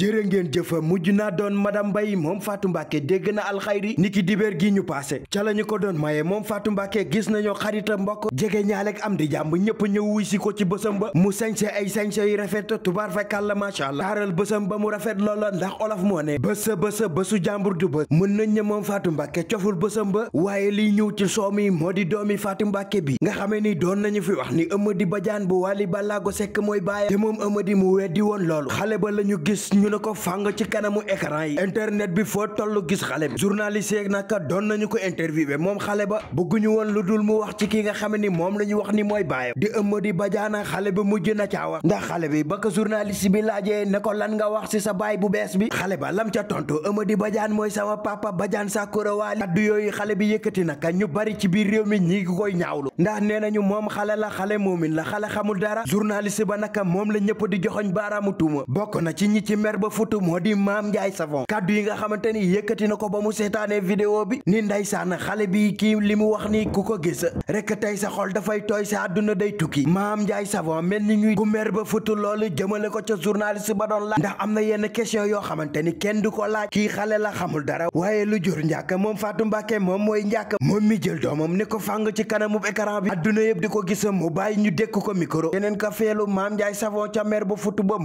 jërë ngeen jëfa mujj naa doon madame Mbaye moom Fatou Mbacké dégg na alxayri ni ki dibéer gi ñu passé ca la ko doon maye moom Fatou Mbacké gis nañoo xarita mbokk jege ñaalek am di jàmb ñëpp ñëw wuy si ko ci bësam ba mu sañse ay sañse yu rafet tubaar fakkal la macha allah taaral bësam ba mu rafet loola ndax olof moo ne bësa bësa bësu jàmbur du bës mën nañ ne moom Fatou Mbacké coful bësam ba waaye liy ñëw ci soow mi moo di doomi faatu Mbacké bi nga xamee ni doon nañu fi wax ni Eumeudi Badiane bu Wally Ballago Seck mooy baaya te moom Eumeudi mu weddi woon loolu xale ba lañu ñu ne ko fàng ci kanamu écran yi internet bi foo toll gis xale bi journaliste yeeg naka doon nañu ko interviewé moom xale ba bëgguñu woon lu dul mu wax ci ki nga xam ni moom la ñu wax ni mooy baayam di Eumeudi Badiane xale ba mujj na caa wax ndax xale bi ba ko journaliste bi laajee ne ko lan nga wax ci sa baay bu bees bi xale ba lam ca tontu Eumeudi Badiane mooy sama sa Badiane Sakura Wali addu yooyu xale bi yëkkati naka ñu bari ci biir réew mi ñi koy ñaawlu ndax nee nañu moom xale la xale moomin la xale xamul dara journaliste ba naka moom la ñëpp di joxoñ baaraamu tuuma ba futu moo di maam Ndiaye Savon kaddu yi nga xamante ni yëkkati na ko ba mu seetaanee vidéo bi ni ndeysaan xale bi kii li mu wax nii ku ko gis rek tey sa xol dafay tooy sa àdduna day tukki maam Ndiaye Savon mel ni ñuy ku mer ba futu loolu jëmale ko ca journaliste ba doon laaj ndax am na yenn question yoo xamante ni kenn du ko laaj kii xale la xamul dara waaye lu jur njàkk moom Fatou Mbacké moom mooy njàkk moom mi jël doomam ne ko fàng ci kanamu écran bi adduna yëpp di ko gis mu bàyyi ñu dékk ko micro yeneen ka feelu maam Ndiaye Savon ca mer ba futu ba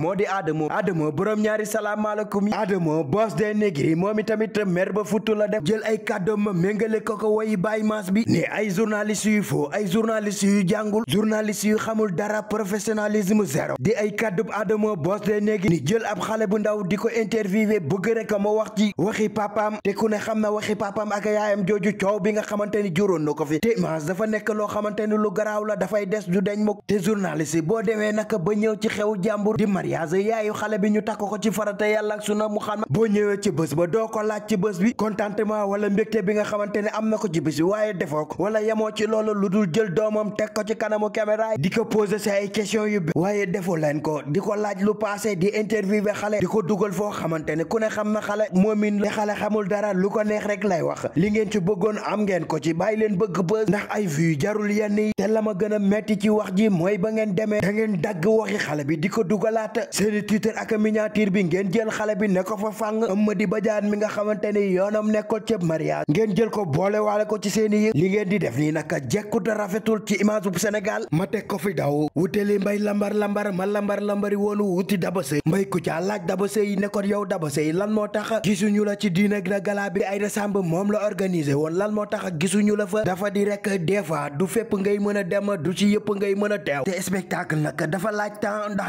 ñaari salaamaaleykum yi Adamo boss de négri moom itamit mer ba futtu la def jël ay ma méngale ko ko woyi Baye Mass bi ne ay journalistes yu faux ay journalistes yu jàngul journalistes yu xamul dara professionnalisme zéro di ay kàddub Adamo boss des négri ni jël ab xale bu ndaw di ko interviewé bëgg rek ma wax ci waxi papaam te ku ne xam na waxi papaam ak yaayam jooju coow bi nga xamante ni juróon na ko fi te Mass dafa nekk loo xamante ni lu garaaw la dafay des du deñ mukk te journaliste boo demee naka ba ñëw ci xew jàmbur di mariage yaayu xale bi ñu takk ci farata yàlla mu sunna Muhammad boo ñëwee ci bés ba doo ko laaj ci bés bi contentement wala mbégte bi nga xamante ne am na ko ci bés bi waaye defoo ko wala yemoo ci loolu lu dul jël doomam teg ko ci kanamu caméra di ko poser sa ay question yu waaye defoo leen ko di ko laaj lu passé di interviewé xale di ko dugal foo xamante ne ku ne xam na xale moomin te xale xamul dara lu ko neex rek lay wax li ngeen ci bëggoon am ngeen ko ci bàyyi leen bëgg bës ndax jarul yenn yi te gën a metti ci wax ji mooy ba ngeen demee da ngeen dagg waxi xale bi di ko dugalaat bi ngeen jël xale bi ne ko fa fàng Amady Badiane mi nga xamante yoonam nekkul ci mariage ngeen jël ko boolewaale ko ci seeni yëg li ngeen di def nii naka jekkut rafetul ci image bu Sénégal ma teg ko fi daw wuteli mbay lambar lambar ma lambar lambari woonu wuti dabasey mbay ku ca laaj dabasey yi ne ko yow dabasey lan moo tax gisuñu la ci diine na gala bi Aïda Samb moom la organisé woon lan moo tax gisuñu la fa dafa di rek des fois du fépp ngay mën a dem du ci yëpp ngay mën a teew te spectacle nag dafa laaj temps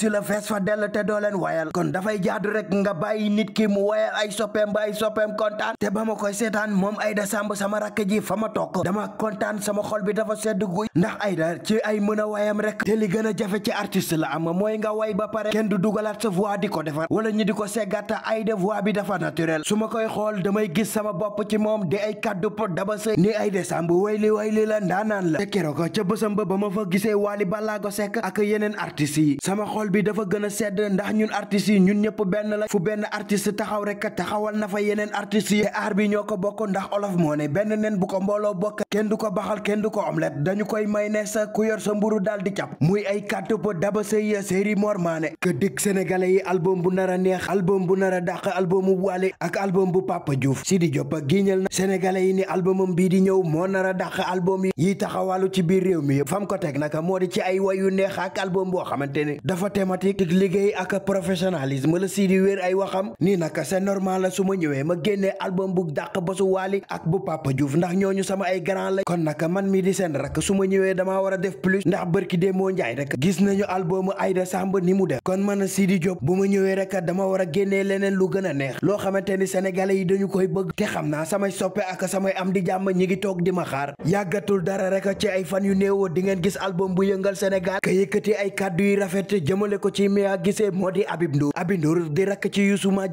si la fees fa dell te doo leen wayal kon dafay jaadu rek nga bàyyi nit ki mu wayal ay soppeem ba ay soppeem kontaan te ba ma koy seetaan moom Aida Samb sama rakk fa ma toog dama kontaan sama xol bi dafa sedd guy ndax Aida ci ay mën a wayam rek te li gën a jafe ci artiste la am mooy nga way ba pare kenn du dugalaat sa voix di ko defar wala di ko seggata Aida voix bi dafa naturel su ma koy xool damay gis sama bopp ci moom di ay kaddu pot daba sëy ni Aida Samb way li way li la ndaanaan la te keroog ca bësam ba ba ma fa gisee Wally Ballago Seck ak yeneen artistes yi sama xol xol bi dafa gën a sedd ndax ñun artistes yi ñun ñëpp benn la fu benn artiste taxaw rek taxawal na fa yeneen artistes yi aar bi ñoo ko bokk ndax olof moo ne benn nen bu ko mbooloo bokk kenn du ko baxal kenn du ko omelette dañu koy may ne sa ku yor sa mburu daal di jàpp muy ay kàttu ba daba sëy série Mor Mané que dëkk sénégalais yi album bu nar a neex album bu nar a dàq album bu Wally ak album bu Papa Diouf Sidi Diop giiñal na sénégalais yi ni albumam bii di ñëw moo nar a dàq album yi taxawalu ci biir réew mi yëpp fam moo di ci ay wayu neex ak album mathématique liggéey ak professionnalisme la si di ay waxam nii nag c'est normal la su ma ñëwee ma génnee album bu dàq ba su ak bu Papa Diouf ndax ñooñu sama ay grand la kon nag man mi di seen rak su ma ñëwee damaa war a def plus ndax bërki déemoo njaay rek gis nañu album Aïda Samb ni mu def kon man Sidi Diop bu ma ñëwee rek dama war a génnee leneen lu gën a neex loo xamante ni sénégalais yi dañu koy bëgg te xam naa samay soppe ak samay am di jàmm di ma xaar yàggatul dara rek ci ay fan yu néewoo di ngeen gis album bu boole ko ci Mia Guissé moo di Habib Ndour Habib ci Youssou ma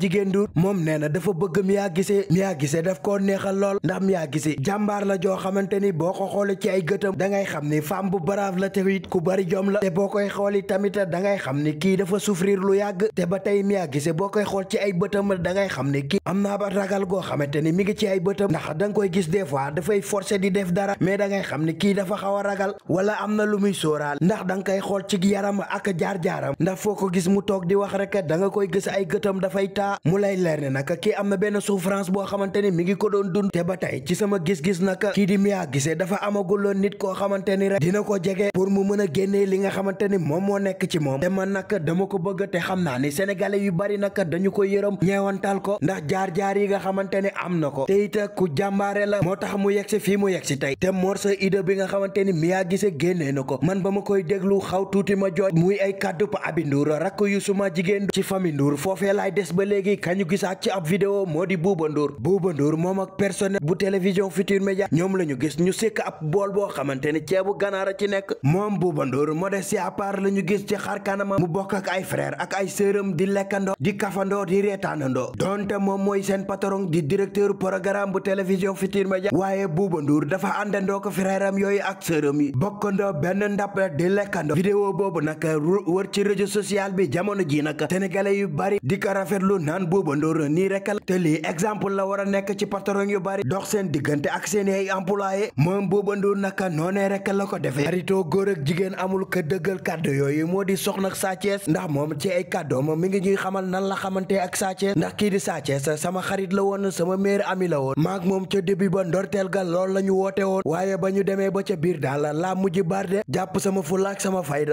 moom nee na dafa bëgg Mia Guissé Mia Guissé daf koo neexal lool ndax Mia jàmbaar la joo xamante ni boo ko xoolee ci ay gëtam da ngay xam ni femme bu brave la ku bari jom boo koy xooli tamit da ngay xam ni kii dafa souffrir lu yàgg te ba tey Mia Guissé boo koy xool ci ay bëtam da ngay xam ni kii am naa ba ragal goo xamante ni mi ngi ci ay bëtam ndax da nga koy gis des fois dafay forcer di def dara mais dangay xam ni kii dafa xaw a ragal wala am na lu muy sóoraal ndax danga koy xool ci yaram ak jaar-jaar yaram ndax foo ko gis mu toog di wax rek da nga koy gis ay gëtam dafay taa mu lay leer ne nag kii am na benn souffrance boo xamante ni mi ngi ko doon dund te ba tey ci sama gis-gis nag kii di Mia Guissé dafa amaguloon nit koo xamante ni rek dina ko jege pour mu mën a génnee li nga xamante ni moom moo nekk ci moom te man nag dama ko bëgg te xam naa ni sénégalais yu bari nag dañu ko yërëm ñeewantal ko ndax jaar-jaar yi nga xamante ni am na ko te it ku jàmbaare la moo tax mu yegsi fii mu yegsi tey te morceau idée bi nga xamante ni Mia Guissé génnee na ko man ba ma koy déglu xaw ma ay jàpp Aby Ndour rakk Youssou jigéen ci famille Ndour foofee laay des ba léegi kañu gisaat ci ab vidéo moo di Bouba Ndour Bouba Ndour moom ak personnel bu télévision Futur Média ñoom la ñu gis ñu sekk ab bool boo xamante ni ceebu a ci nekk moom Bouba Ndour modeste à part la ñu gis ci xar kanamam mu bokk ak ay frère ak ay sëram di lekkandoo di kafandoo di reetaanandoo donte moom mooy seen patron di directeur programme bu télévision Futur Média waaye Bouba Ndour dafa àndandoo ko frère am yooyu ak sëram yi bokkandoo benn réseau social bi jamono ji nag sénégalais yu bari di ko rafetlu naan Bouba Ndour nii rek exemple la war a nekk ci patron yu bari dox seen diggante ak seen ay employé moom Bouba Ndour naka noonee rek la ko defee xaritoo góor ak jigéen amul ka dëggal kàddu yooyu moo di soxna Sa Thiès ndax moom ci ay kàddoom mi ngi ñuy xamal nan la xamante ak Sa Thiès ndax kii di Sa Thiès sama xarit la woon sama mère ami la woon maak moom ca début ba ndorteel ga lool la ñu woote woon waaye ba ñu demee ba ca biir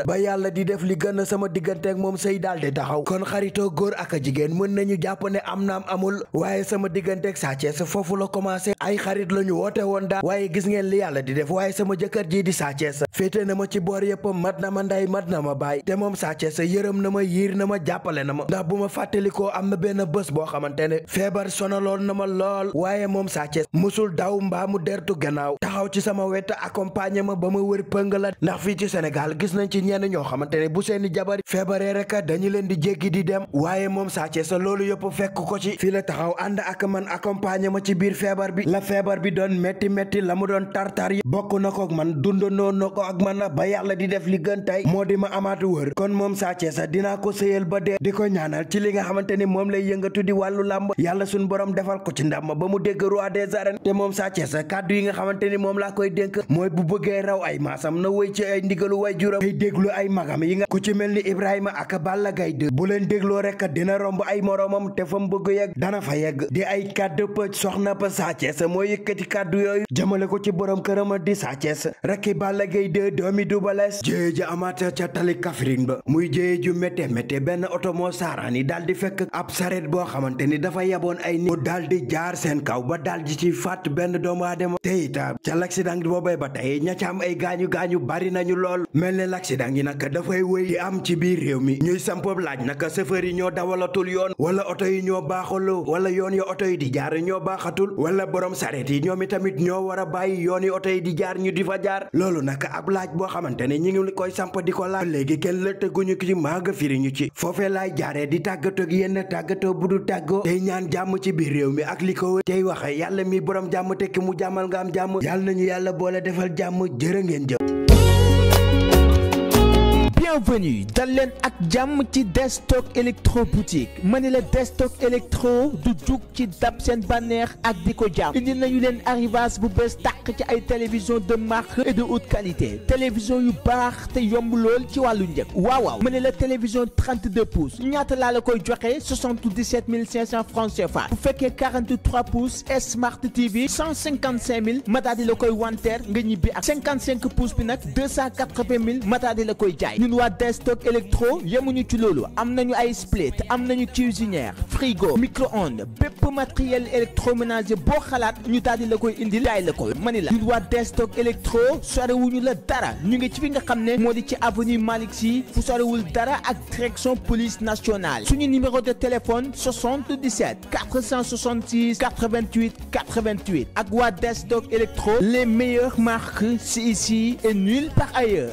ba yàlla di def li a sama diggante ak moom sëy daal di taxaw kon xaritoo góor ak jigéen mën nañu jàpp ne am naam amul waaye sama diggante ak Sa foofu la commencé ay xarit la ñu woote woon daal waaye gis ngeen li yàlla di def waaye sama jëkkër jii di Sa Thiès féete na ma ci boor yëpp mat na ma nday mat na ma baay te moom Sa Thiès yërëm na ma yiir na ma jàppale na ma ndax bu ma fàttalikoo am na benn bés boo xamante ne feebar sonaloon na ma lool waaye moom Sa Thiès musul daw mbaa mu dertu gannaaw taxaw ci sama wet accompagné ma ba ma wër pëng la ndax fii jabar feebaree rek dañu leen di jéggi di dem waaye moom Sa sa loolu yëpp fekk ko ci fii la taxaw ànd ak man accompagner ma ci biir feebar bi la feebar bi doon métti métti la mu doon tartar yi bokk na ko ak man dundandoo na ko ak man na ba yàlla di def li gën moo di ma amaatu wër kon moom Sa Thiès sa dinaa ko sëyal ba dee di ko ñaanal ci li nga xamante ni moom lay yëngatu di wàllu làmb yàlla suñu borom defal ko ci ndam ba mu dégg roi des arènes te moom Sa Thiès kàddu yi nga xamante ni moom laa koy dénk mooy bu bëggee raw ay maasam na wéy ci ay ay déglu ni Ibrahima ak Balla Gaye 2 bu leen dégloo rek dina romb ay moroomam te fa mu bëgg yegg dana fa yegg di ay kàddu pëcc soxna pa Sa Thiès moo yëkkati kàddu yooyu jëmale ko ci borom këram di Sa Thiès rakki Balla Gaye 2 doomi du Less jéye ji amaat ca tali Kaffrine ba muy jéye ju métte métte benn oto moo yi daal di fekk ab saret boo xamante ni dafa yaboon ay nit mu daal di jaar seen kaw ba daal di ci fàtt benn doomu aadama te itam ca l'accident boobee ba tey ña ca am ay gaañu gaañu bari nañu lool mel ne l'accident ci biir réew mi ñuy sampoob laaj naka chauffeur yi ñoo dawalatul yoon wala oto yi ñoo baaxul wala yoon ya oto yi di jaar ñoo baaxatul wala borom sareet yi ñoom itamit ñoo war a bàyyi yoon yi oto yi di jaar ñu di fa jaar loolu naka ab laaj boo xamante ne ñi ngi koy samp di ko laaj léegi kenn la tëgguñu ki ci maaga firiñu ci foofee laay jaaree di tàggatoo gi yenn tàggatoo bu dul tàggoo tey ñaan jàmm ci biir réew mi ak li ko tey waxe yàlla mii borom jàmm ki mu jàmmal nga am jàmm yàlla nañu yàlla boole defal jàmm jërë ngeen jëf bienvenue dal leen ak jàmm ci Destock électro boutique ma ni la Destock électro du jug ci dab seen bànneex ak di ko jàmm indi nañu leen arrivage bu bees tàq ci ay télévision de marque et de haute qualité télévision yu baax te yomb lool ci wàllu njëg waaw waaw ma ni la télévision 32 pouces ñaata laa la koy joxe 77 500 francs CFA bu fekkee 43 pouces Smart TV 155 000 ma daal di la koy wanteer nga ñibbi ak 55 pouces bi nag 280 000 ma daal di la koy jaay waa destock électro ñu ci loolu am nañu ay split am nañu cuisinière frigo micro-ondes bépp matériel électroménager boo xalaat ñu daal la koy indil jaay la ko mani la ñun waa destock électro sorewuñu la dara ñu ngi ci fi nga xam ne moo di ci avenue Malick Sy fu sorewul dara ak direction police nationale suñu numéro de téléphone 77 466 88 88 ak waa destock électro les meilleures marques c'est ici et nulle part ailleurs